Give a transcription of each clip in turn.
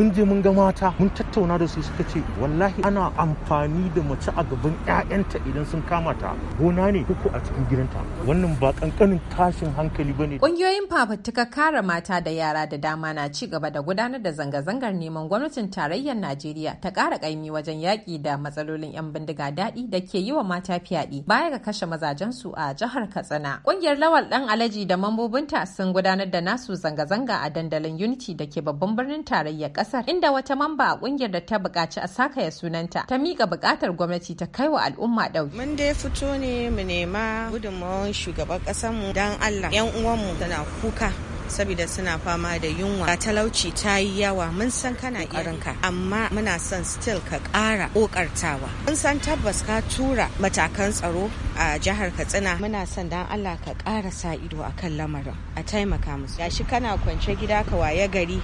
mun je mun ga mata mun tattauna da su suka ce wallahi ana amfani da mace a gaban 'ya'yanta idan sun kama ta gona ne ko a cikin gidanta wannan ba kankanin tashin hankali bane kungiyoyin fafutuka kare mata da yara da dama na ci gaba da gudanar da zanga-zangar neman gwamnatin tarayyar Najeriya ta ƙara kaimi wajen yaƙi da matsalolin 'yan bindiga daɗi da ke yi wa mata fyaɗe baya ga kashe mazajen su a jihar Katsina ƙungiyar lawal dan Alaji da mambobinta sun gudanar da nasu zanga-zanga a dandalin Unity da ke babban birnin tarayyar ƙasa kasar inda wata mamba a kungiyar da ta buƙaci a sakaya sunanta ta miƙa buƙatar gwamnati ta kai wa al'umma ɗauki. Mun dai fito ne mu nema gudunmawar shugaban ƙasarmu don Allah 'yan uwanmu tana kuka saboda suna fama da yunwa ga talauci ta yi yawa mun san kana ka amma muna son still ka ƙara ƙoƙartawa mun san tabbas ka tura matakan tsaro a jihar katsina muna son dan allah ka ƙara sa ido a kan lamarin a taimaka musu gashi kana kwance gida ka waye gari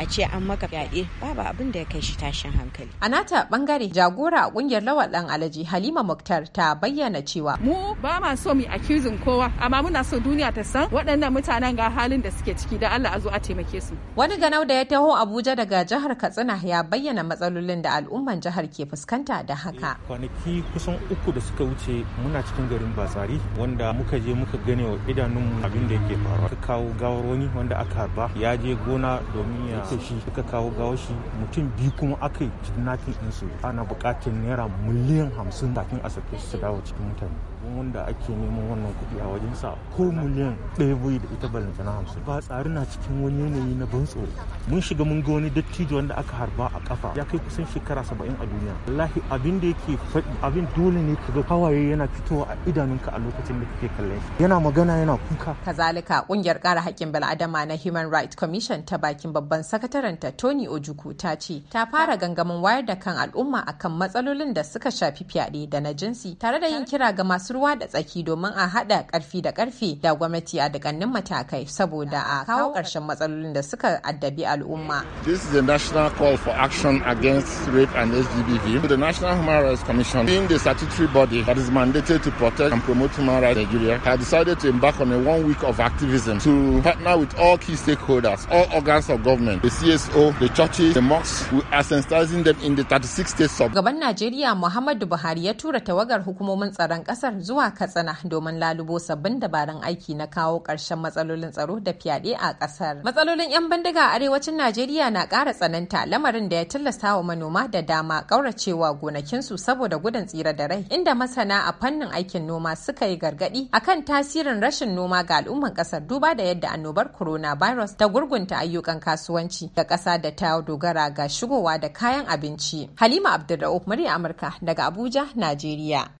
a ce an maka fyaɗe babu abin da ya kai shi tashin hankali a nata bangare jagora a kungiyar lawal dan alaji halima muktar ta bayyana cewa mu ba ma so mu accusing kowa amma muna so duniya ta san waɗannan mutanen ga halin da suke ciki da Allah a zo a taimake su wani ganau da ya taho Abuja daga jihar Katsina ya bayyana matsalolin da al'umman jihar ke fuskanta da haka eh, kwanaki kusan uku da suka wuce muna cikin garin Batsari wanda muka je muka gane wa idanunmu abin da yake faruwa ka kawo gawar wani wanda aka harba ya je gona domin ya sace shi suka kawo gawo shi mutum biyu kuma aka yi kidnapping insu ana bukatar naira miliyan hamsin kafin a sake su dawo cikin mutane wanda ake neman wannan kuɗi a sa ko miliyan ɗaya bai da ita balanta na hamsin ba tsari na cikin wani yanayi na ban tsoro mun shiga mun ga wani dattijo wanda aka harba a kafa ya kai kusan shekara saba'in a duniya wallahi abin da yake faɗi abin dole ne ka ga hawaye yana fitowa a idanunka a lokacin da kake kallon shi yana magana yana kuka kazalika kungiyar kara haƙƙin bil'adama na human rights commission ta bakin babban sakatarenta tony ojuku ta ce ta fara gangamin wayar da kan al'umma akan matsalolin da suka shafi fyaɗe da na jinsi tare da yin kira ga masu ruwa da tsaki domin a haɗa ƙarfi da ƙarfi da gwamnati a dukkanin matakai saboda a kawo ƙarshen matsalolin da suka addabi al'umma. This is a national call for action against rape and SGBV. The National Human Rights Commission, being the statutory body that is mandated to protect and promote human rights in Nigeria, has decided to embark on a one week of activism to partner with all key stakeholders, all organs of government, the CSO, the churches, the mosques, we are sensitizing them in the 36 states of. Gaban Najeriya Muhammadu Buhari ya tura tawagar hukumomin tsaron ƙasar zuwa Katsina domin lalubo sabbin sabbin dabarun aiki na kawo ƙarshen matsalolin tsaro da fyaɗe a ƙasar. Matsalolin 'yan bindiga a arewacin Najeriya na ƙara tsananta lamarin da ya tilasta wa manoma da dama ƙauracewa gonakinsu saboda gudun tsira da rai, inda masana a fannin aikin noma suka yi gargaɗi akan tasirin rashin noma ga al'umman ƙasar duba da yadda annobar coronavirus ta gurgunta ayyukan kasuwanci ga ƙasa da ta dogara ga shigowa da kayan abinci. Halima abdulrau murya Amurka daga Abuja, Najeriya.